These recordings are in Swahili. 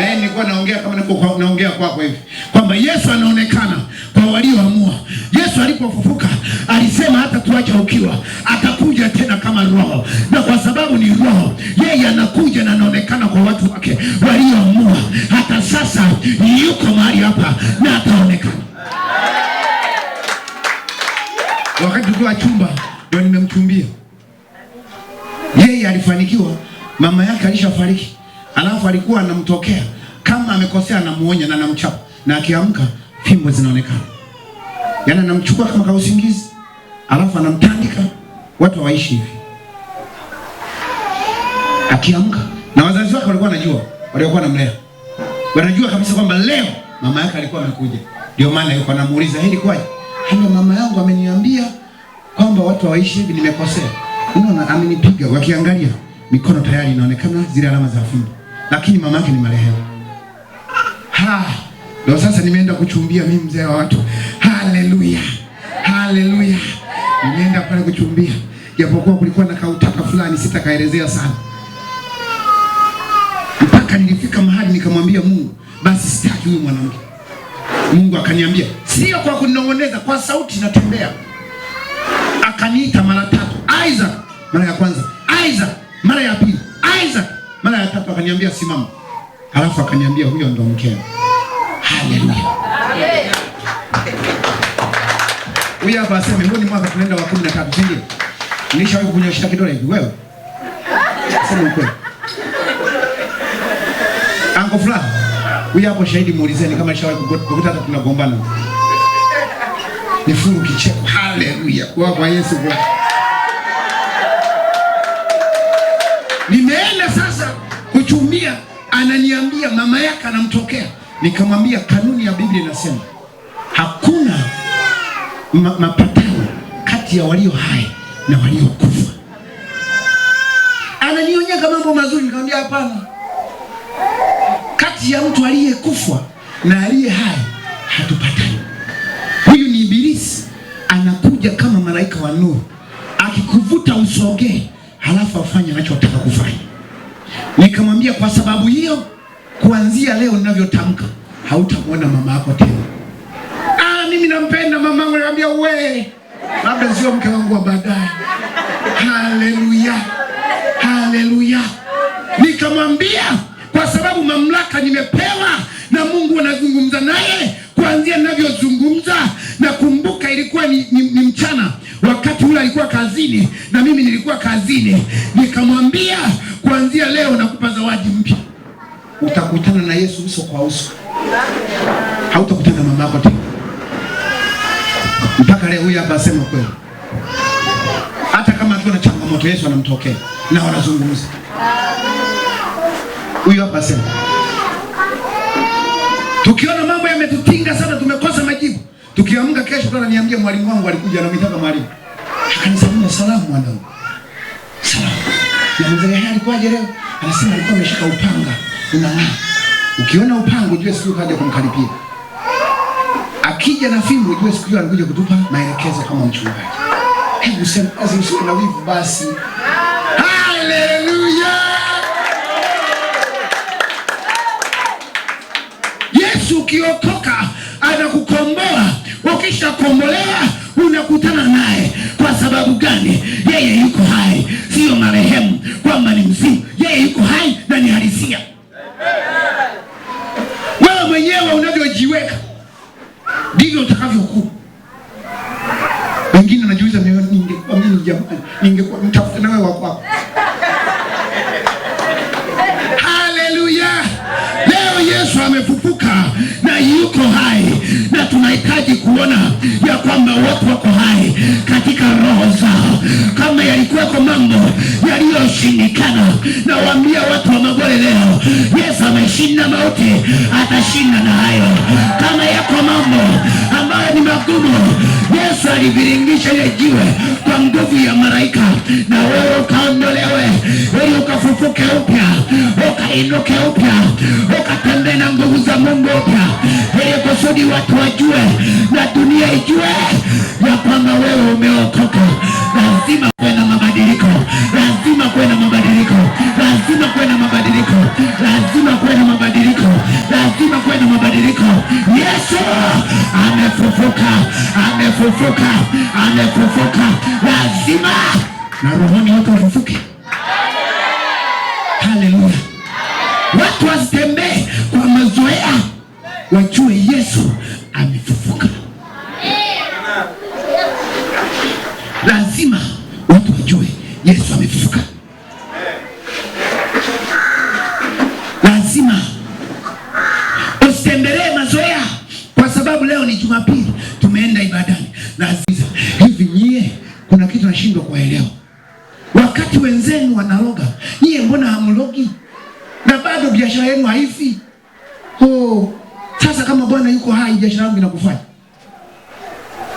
na yeye nilikuwa naongea kama nilikuwa naongea kwako kwa hivi kwamba Yesu anaonekana kwa walioamua. Yesu alipofufuka alisema hata tuacha ukiwa atakuja tena kama roho, na kwa sababu ni roho, yeye anakuja na anaonekana kwa watu wake walioamua. Hata sasa yuko mahali hapa na ataonekana wakati tukiwa chumba ndio nimemchumbia yeye, alifanikiwa. Mama yake alishafariki alafu alikuwa anamtokea kama amekosea, anamuonya na anamchapa, na akiamka fimbo zinaonekana, yaani anamchukua kama kausingizi, alafu anamtandika watu waishi hivi. Akiamka na wazazi wake walikuwa wanajua, waliokuwa namlea wanajua kabisa kwamba leo mama yake alikuwa amekuja. Ndio maana yuko anamuuliza hili kwaje? hiyo mama yangu ameniambia kwamba watu waishi hivi, nimekosea. Unaona, amenipiga. Wakiangalia mikono tayari inaonekana zile alama za fimbo lakini mama yake ni marehemu. Ha, ndio sasa nimeenda kuchumbia mimi mzee wa watu. Haleluya. Haleluya. Nimeenda pale kuchumbia. Japokuwa kulikuwa na kautaka fulani sitakaelezea sana. Mpaka nilifika mahali nikamwambia Mungu, basi sitaki huyu mwanamke. Mungu akaniambia, sio kwa kunong'oneza, kwa sauti natembea. Akaniita mara tatu. Isaac mara ya kwanza, Isaac mara ya pili, Isaac mara ya tatu akaniambia simama, alafu akaniambia huyo ndo mkeo. Haleluya, amen. Huyu hapa aseme huu ni mwaka tunaenda wa 13, si ndio? Nishawahi kunyoshia kidole hivi wewe. Sema ukweli. Anko fulani. Huyu hapo shahidi, muulizeni kama nishawahi kukuta hata tunagombana. Nifuru kicheko. Haleluya. Kwa kwa Yesu kwa. Nimeenda sana ananiambia mama yake anamtokea. Nikamwambia kanuni ya Biblia inasema hakuna ma mapatano kati ya walio hai na waliokufa. Ananionyeka mambo mazuri, nikamwambia hapana, kati ya mtu aliyekufa na aliye hai hatupatani. Huyu ni Ibilisi, anakuja kama malaika wa nuru, akikuvuta usogee, halafu afanye anachotaka kufanya. Nikamwambia kwa sababu hiyo, kuanzia leo ninavyotamka, hautamwona mama yako tena. Ah, mimi nampenda yangu. Nikamwambia we, labda sio mke wangu wa baadaye. Haleluya, haleluya. Nikamwambia kwa sababu mamlaka nimepewa na Mungu, anazungumza naye kuanzia ninavyozungumza. Nakumbuka ilikuwa ni, ni, ni mchana Wakati ule alikuwa kazini na mimi nilikuwa kazini, nikamwambia kuanzia leo nakupa zawadi mpya, utakutana na Yesu uso kwa uso, hautakutana na mama yako tena. Mpaka leo huyu hapa asema kweli, hata kama akiwa na changamoto Yesu anamtokea na wanazungumza. Huyu hapa asema tukiona mambo yametutinga Tukiamka kesho ananiambia mwalimu wangu alikuja na mitaka mali. Akanisalimia salamu mwanangu. Salamu. Namuuliza yeye alikuwaje leo? Anasema alikuwa ameshika upanga. Unang'aa. Ukiona upanga ujue siku kaja kumkaribia. Akija na fimbo ujue siku hiyo anakuja kutupa maelekezo kama mchungaji. Hebu sema kazi usiku na wivu basi. Haleluya! Yesu ukiokoka anakukomboa Ukishakombolewa unakutana naye. Kwa sababu gani? Yeye yuko hai, siyo marehemu kwamba ni mzimu. Yeye yuko hai na ni halisia. Wewe mwenyewe unavyojiweka ndivyo utakavyokuwa. Wengine wanajiuliza, ningekuwa mtafuta nawe wakwako Yesu amefufuka na yuko hai, na tunahitaji kuona ya kwamba wote wako hai katika roho zao. Kama yalikuwako mambo yaliyoshindikana, na waambia watu wa Magore leo, Yesu ameshinda mauti, atashinda na hayo. Kama yako mambo ni magumu. Yesu aliviringisha ile jiwe kwa nguvu ya malaika, na wewe ukaondolewe, ili ukafufuke upya, ukainuke upya, ukatembee na nguvu za Mungu upya, ili kusudi watu wajue na dunia ijue ya kwamba wewe umeokoka. Lazima kuwe na mabadiliko, lazima kuwe na mabadiliko, lazima kuwe na mabadiliko, lazima kuwe na mabadiliko lazima kuwe na mabadiliko. Yesu amefufuka, amefufuka, amefufuka. Lazima na rohoni wako wafufuke. Haleluya! Watu wasitembee kwa mazoea, wajue Yesu amefufuka. Lazima watu wajue Yesu amefufuka. kuna kitu nashindwa kuelewa. Wakati wenzenu wanaloga, nyie mbona hamlogi na bado biashara yenu haifi? Oh, sasa kama Bwana yuko hai, biashara yangu inakufanya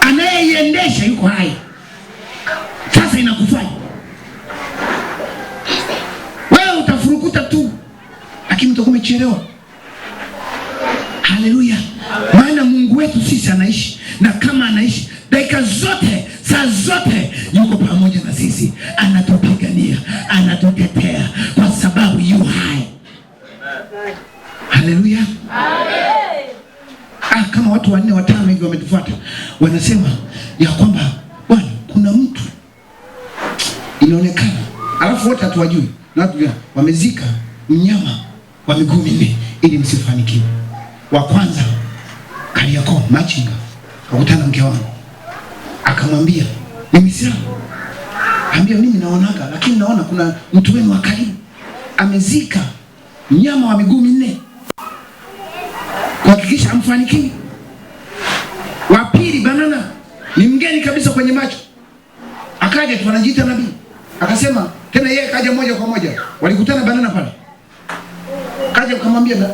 anayeiendesha yuko hai, sasa inakufanya wewe utafurukuta tu, lakini utakuwa umechelewa. Haleluya! Maana Mungu wetu sisi anaishi, na kama anaishi dakika zote saa zote yuko pamoja na sisi, anatupigania, anatutetea kwa sababu yu hai. Haleluya! Ah, kama watu wanne watano hivi wametufuata, wanasema ya kwamba bwana, kuna mtu inaonekana, alafu wote hatuwajui na wamezika mnyama wa miguu minne ili msifanikiwe. Wa kwanza Kariakoo, machinga, kakutana mke wangu akamwambia ni Mwislamu, ambia mimi naonaga, lakini naona kuna mtu wenu wa karibu amezika mnyama wa miguu minne kuhakikisha amfanikiwi. Wa pili banana ni mgeni kabisa kwenye macho, akaja tu anajiita nabii, akasema tena yeye kaja moja kwa moja, walikutana banana pale, kaja akamwambia na,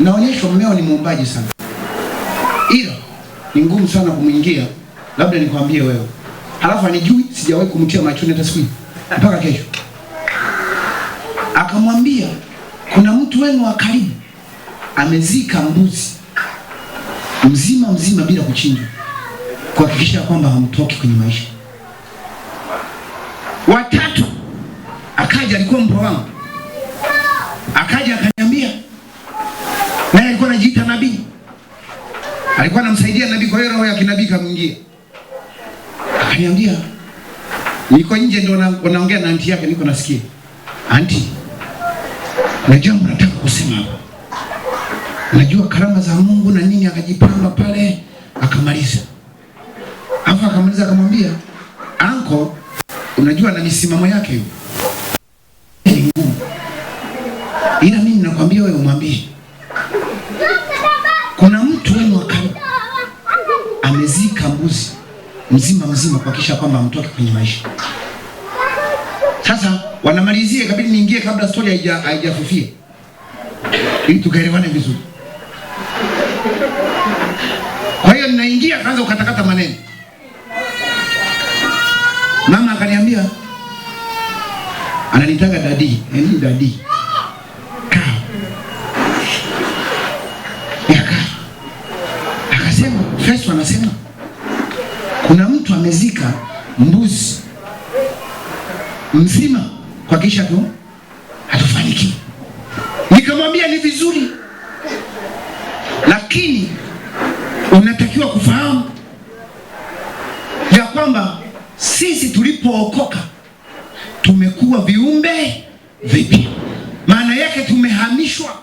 naonyeshwa mmeo ni muombaji sana, ila ni ngumu sana kumwingia labda nikwambie wewe, halafu anijui, sijawahi kumtia machoni hata siku hii mpaka kesho. Akamwambia kuna mtu wenu wa karibu amezika mbuzi mzima mzima bila kuchinjwa, kuhakikisha kwamba hamtoki kwenye maisha. Watatu akaja, alikuwa mpwa wangu, akaja akaniambia, naye alikuwa anajiita nabii, alikuwa anamsaidia nabii, kwa hiyo roho ya kinabii kamwingia. Akaniambia niko nje ndio wanaongea na anti yake, niko nasikia. Anti, najua mnataka kusema hapa, najua karama za Mungu na nini. Akajipanga pale akamaliza, afu akamaliza akamwambia, anko, unajua na misimamo yake hiyo ni ngumu, ila mimi nakwambia wewe umwambie kuna mtu wenu amezika mbuzi mzima mzima kuhakikisha kwamba amtoke kwenye maisha. Sasa wanamalizia kabidi niingie kabla stori haija haijafufia ili tukaelewane vizuri. Kwa hiyo ninaingia, kaanza ukatakata maneno. Mama akaniambia ananitaga dadi, yani dadi mzima kisha tu hatufaniki Nikamwambia ni vizuri, lakini unatakiwa kufahamu ya kwamba sisi tulipookoka tumekuwa viumbe vipi Maana yake tumehamishwa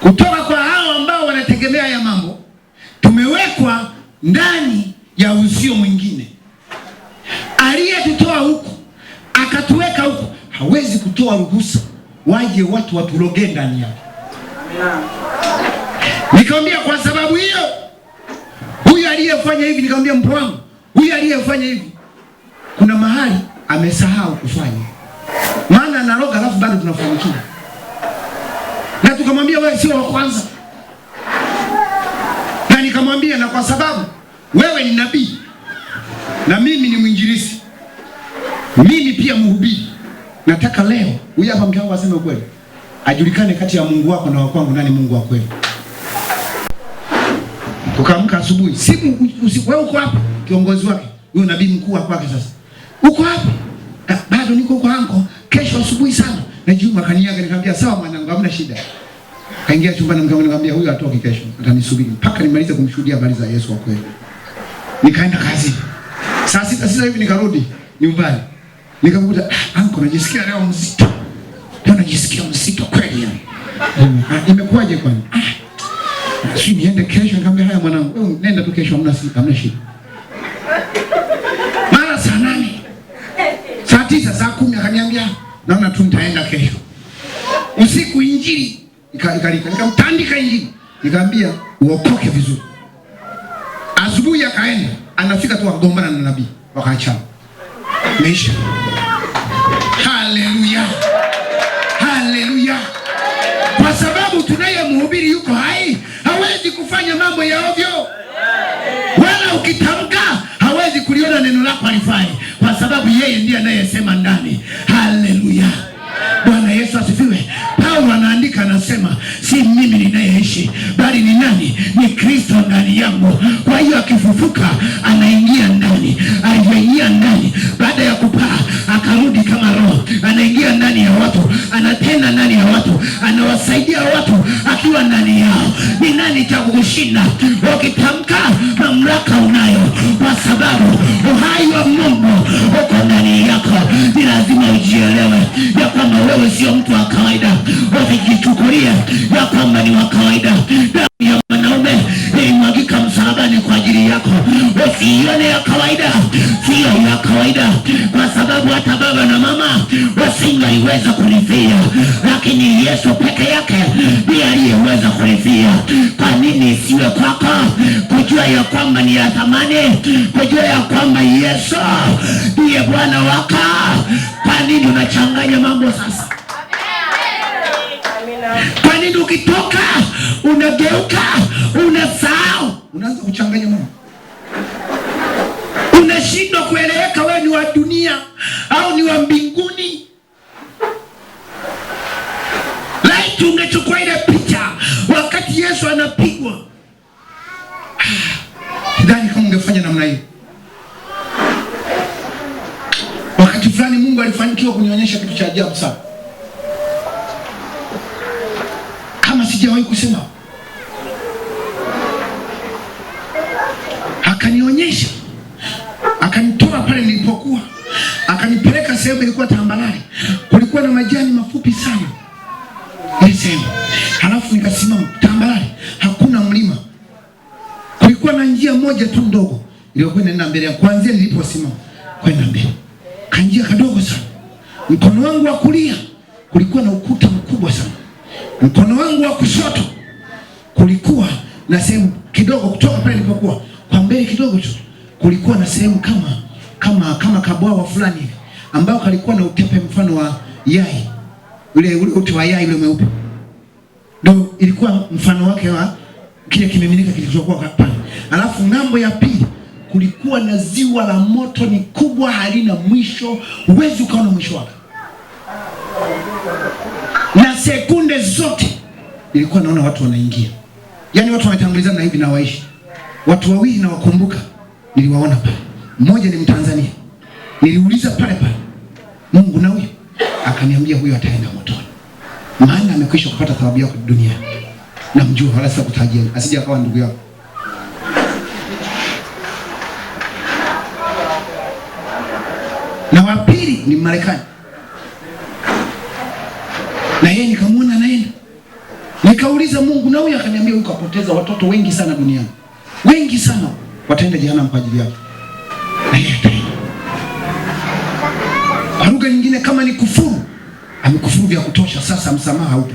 kutoka kwa hao ambao wanategemea haya mambo, tumewekwa ndani ya uzio mwingine aliyetutoa akatuweka huko, hawezi kutoa ruhusa waje watu watuloge ndani yake. Nikamwambia kwa sababu hiyo, huyu aliyefanya hivi, nikamwambia mpwa wangu, huyu aliyefanya hivi kuna mahali amesahau kufanya, maana anaroga alafu bado tunafanikiwa. Na tukamwambia wewe sio wa kwanza, na nikamwambia na kwa sababu wewe ni nabii na mimi ni mwinjilisi mimi pia mhubiri, nataka leo huyu hapa mtu wangu aseme kweli, ajulikane kati ya Mungu wako na wakwangu, nani Mungu wa kweli. Ukaamka asubuhi, simu usiku, wewe uko hapa, kiongozi wake huyo nabii mkuu wa wake. Sasa uko hapa ah, bado, niko kwa anko, kesho asubuhi sana na Juma kaniaga, nikamwambia sawa mwanangu, hamna shida. Kaingia chumbani, mkangu nikamwambia huyu atoki kesho, atanisubiri mpaka nimalize kumshuhudia habari za Yesu wa kweli. Nikaenda kazi saa sita sita hivi nikarudi nyumbani. Nikamkuta anko, ah, najisikia leo mzito, leo najisikia mzito kweli. Ah, imekuwaje kwani? Ah, si niende kesho? Nikamwambia haya mwanangu, wewe nenda tu kesho, hamna shida, hamna shida. Mara saa nane, saa tisa, saa kumi akaniambia naona tu nitaenda kesho usiku. Injili ikalika, nikamtandika injili, nikamwambia uokoke vizuri. Asubuhi akaenda, anafika tu agombana na nabii, wakaachana, meisha. tunayemhubiri yuko hai, hawezi kufanya mambo ya ovyo, wala ukitamka hawezi kuliona neno lako alifai, kwa sababu yeye ndiye anayesema ndani. Haleluya, Bwana Yesu asifiwe. Paulo anaandika anasema, si mimi ninayeishi, bali ni nani? Ni Kristo ndani yangu. Kwa hiyo akifufuka, anaingia ndani. Alivyoingia ndani baada ya kupaa, akarudi kama roho, anaingia ndani ya watu, anatenda ndani ya watu anawasaidia watu akiwa ndani yao. Ni nani cha kukushinda? Ukitamka mamlaka unayo, kwa sababu uhai wa Mungu uko ndani yako. Ni lazima ujielewe ya kwamba wewe sio mtu wa kawaida, usijichukulia ya kwamba ni wa kawaida msalaba ni kwa ajili yako, usiione ya kawaida, sio ya kawaida, kwa sababu hata baba na mama wasingaliweza kunifia, lakini Yesu peke yake ndiye aliyeweza kunifia. Kwa nini siwe kwako kujua ya kwamba ni ya thamani, kujua ya kwamba Yesu ndiye Bwana wako? Kwa nini unachanganya mambo sasa? Kwa nini ukitoka unageuka unasahau unaanza kuchanganya mambo, unashindwa kueleweka, wewe ni wa dunia au ni wa mbinguni? Laiti ungechukua ile picha wakati Yesu anapigwa, sidhani kama ungefanya namna hiyo. Wakati fulani Mungu alifanikiwa kunionyesha kitu cha ajabu sana, kama sijawahi kusema ilikuwa tambarare, kulikuwa na majani mafupi sana nisema, halafu nikasimama tambarare, hakuna mlima, kulikuwa na njia moja tu ndogo iliyokuwa inaenda mbele, kuanzia niliposimama kwenda mbele, kanjia kadogo sana. Mkono wangu wa kulia kulikuwa na ukuta mkubwa sana, mkono wangu wa kushoto kulikuwa na sehemu kidogo kutoka pale nilipokuwa, kwa mbele kidogo tu kulikuwa na sehemu kama kama kama kabwawa fulani hivi ambao kalikuwa na utepe mfano wa yai, ule ule ute wa yai ule mweupe, ndio ilikuwa mfano wake wa kile kimiminika kilichokuwa pale. Alafu ng'ambo ya pili kulikuwa na ziwa la moto, ni kubwa, halina mwisho, huwezi ukaona mwisho wake, na sekunde zote ilikuwa naona watu wanaingia, yani watu wanatangulizana hivi na waishi. Watu wawili nawakumbuka, niliwaona pale, mmoja ni Mtanzania, niliuliza pale pale Mungu na huyo akaniambia, huyo ataenda motoni, maana amekwisha kupata thawabu yako duniani. Namjua wala sasa kutajia, asije akawa ndugu yako. Na wa pili ni Marekani, na yeye nikamwona anaenda, nikauliza Mungu na huyo akaniambia, huyo kapoteza watoto wengi sana duniani, wengi sana wataenda jehanamu kwa ajili yake lugha nyingine kama ni kufuru, amekufuru vya kutosha. Sasa msamaha upo.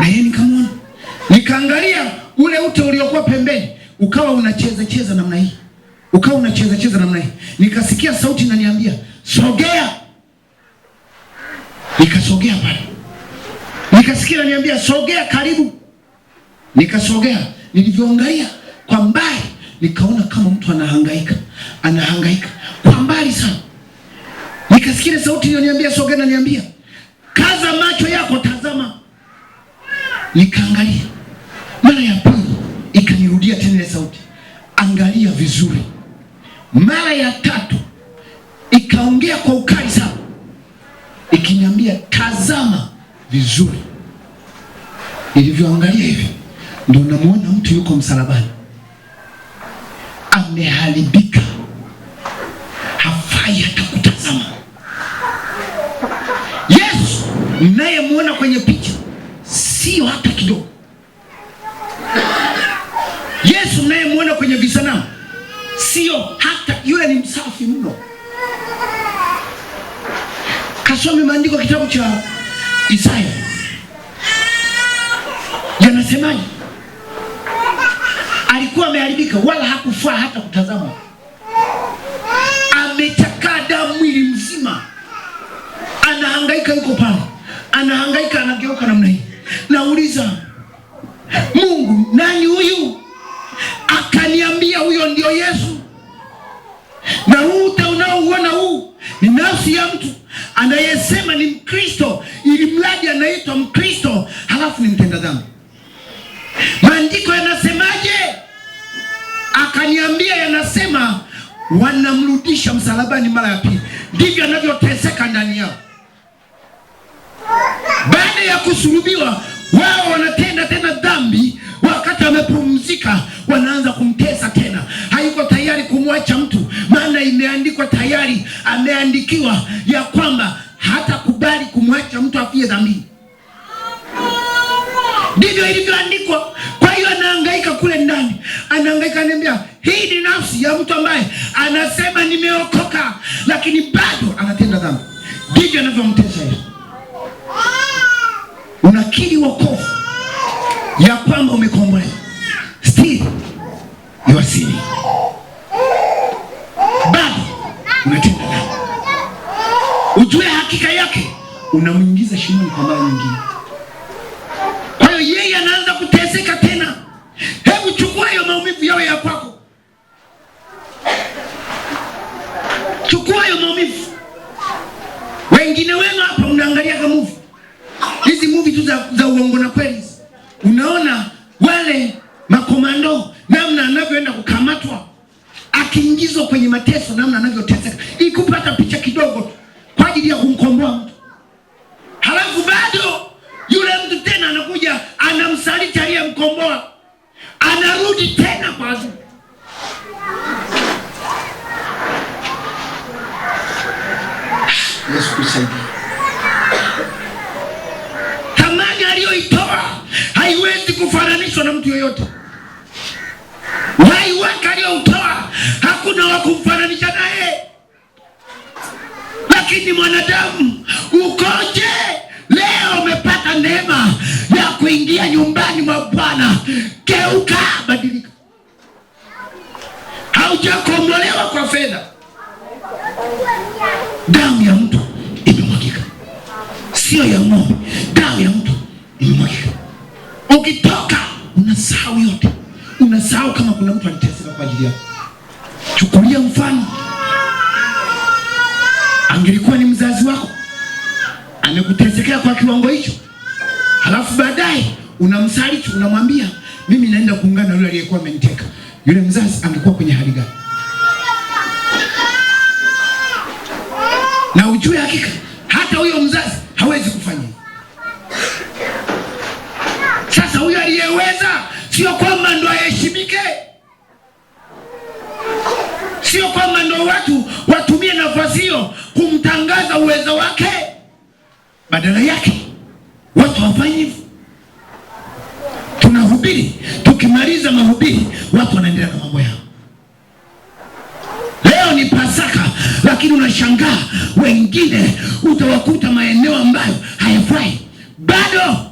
Na yeye nikamwona, nikaangalia ule ute uliokuwa pembeni ukawa unacheza cheza namna hii, ukawa unacheza cheza namna hii. Nikasikia sauti inaniambia sogea, nikasogea pale, nikasikia inaniambia sogea karibu, nikasogea. Nilivyoangalia kwa mbali, nikaona kama mtu anahangaika anahangaika kwa mbali sana. Nikasikia sauti iliyoniambia sogea, na niambia kaza macho yako, tazama. Nikaangalia mara ya pili, ikanirudia tena ile sauti, angalia vizuri. Mara ya tatu ikaongea kwa ukali sana, ikiniambia tazama vizuri. Nilivyoangalia hivi, ndio namuona mtu yuko msalabani ameharibika. mnayemwona kwenye picha sio hata kidogo. Yesu mnayemwona kwenye visanamu sio hata, yule ni msafi mno. Kasome maandiko, kitabu cha Isaya yanasemaje? Alikuwa ameharibika wala hakufaa hata kutazama, amechakaa damu mwili mzima, anahangaika, yuko pale anahangaika, anageuka namna hii. Nauliza Mungu, nani huyu? Akaniambia huyo ndio Yesu, na huu uta unaouona huu ni nafsi ya mtu anayesema ni Mkristo, ili mradi anaitwa Mkristo halafu ni mtenda dhambi. Maandiko yanasemaje? Akaniambia yanasema wanamrudisha msalabani mara ya pili. Ndivyo anavyoteseka ndani yao kusulubiwa, wao wanatenda tena dhambi. Wakati wamepumzika, wanaanza kumtesa tena. Hayuko tayari kumwacha mtu, maana imeandikwa tayari, ameandikiwa ya kwamba hatakubali kumwacha mtu afie dhambini. Ndivyo ilivyoandikwa. Kwa hiyo anaangaika kule ndani, anaangaika ananiambia hii ni nafsi ya mtu ambaye anasema nimeokoka, lakini bado anatenda dhambi. Ndivyo anavyomtesa Yesu unakiri wokovu ya kwamba umekombolewa, still you are sinning, bado unatenda dhambi, ujue hakika yake unamwingiza shimoni kwa mara nyingine. akikamatwa, akiingizwa kwenye mateso, namna anavyoteseka unapoingia nyumbani mwa Bwana, geuka, badilika. Haujakombolewa kwa fedha, damu ya mtu imemwagika, sio ya ng'ombe. Damu ya mtu imemwagika. Ukitoka unasahau yote, unasahau kama kuna mtu aliteseka kwa ajili yako. Chukulia mfano, angelikuwa ni mzazi wako amekutesekea kwa kiwango hicho Alafu baadaye unamsaliti, unamwambia mimi naenda kuungana na yule aliyekuwa ameniteka. Yule mzazi angekuwa kwenye hali gani? Na ujue hakika hata huyo mzazi hawezi kufanya sasa. Huyo aliyeweza, sio kwamba ndo aheshimike, sio kwamba ndo watu watumie nafasi hiyo kumtangaza uwezo wake, badala yake Watu hawafanyi hivyo. Tunahubiri, tukimaliza mahubiri watu wanaendelea na mambo yao. Leo ni Pasaka, lakini unashangaa wengine utawakuta maeneo ambayo hayafai bado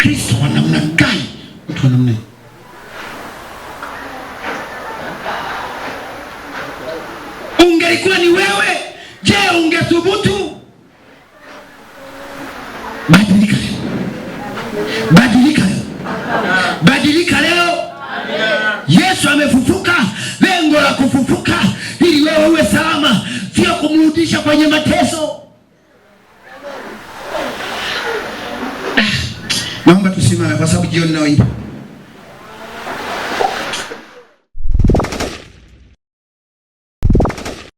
Kristo wa namna gani? Mtu wa namna ungelikuwa ni wewe, je, ungethubutu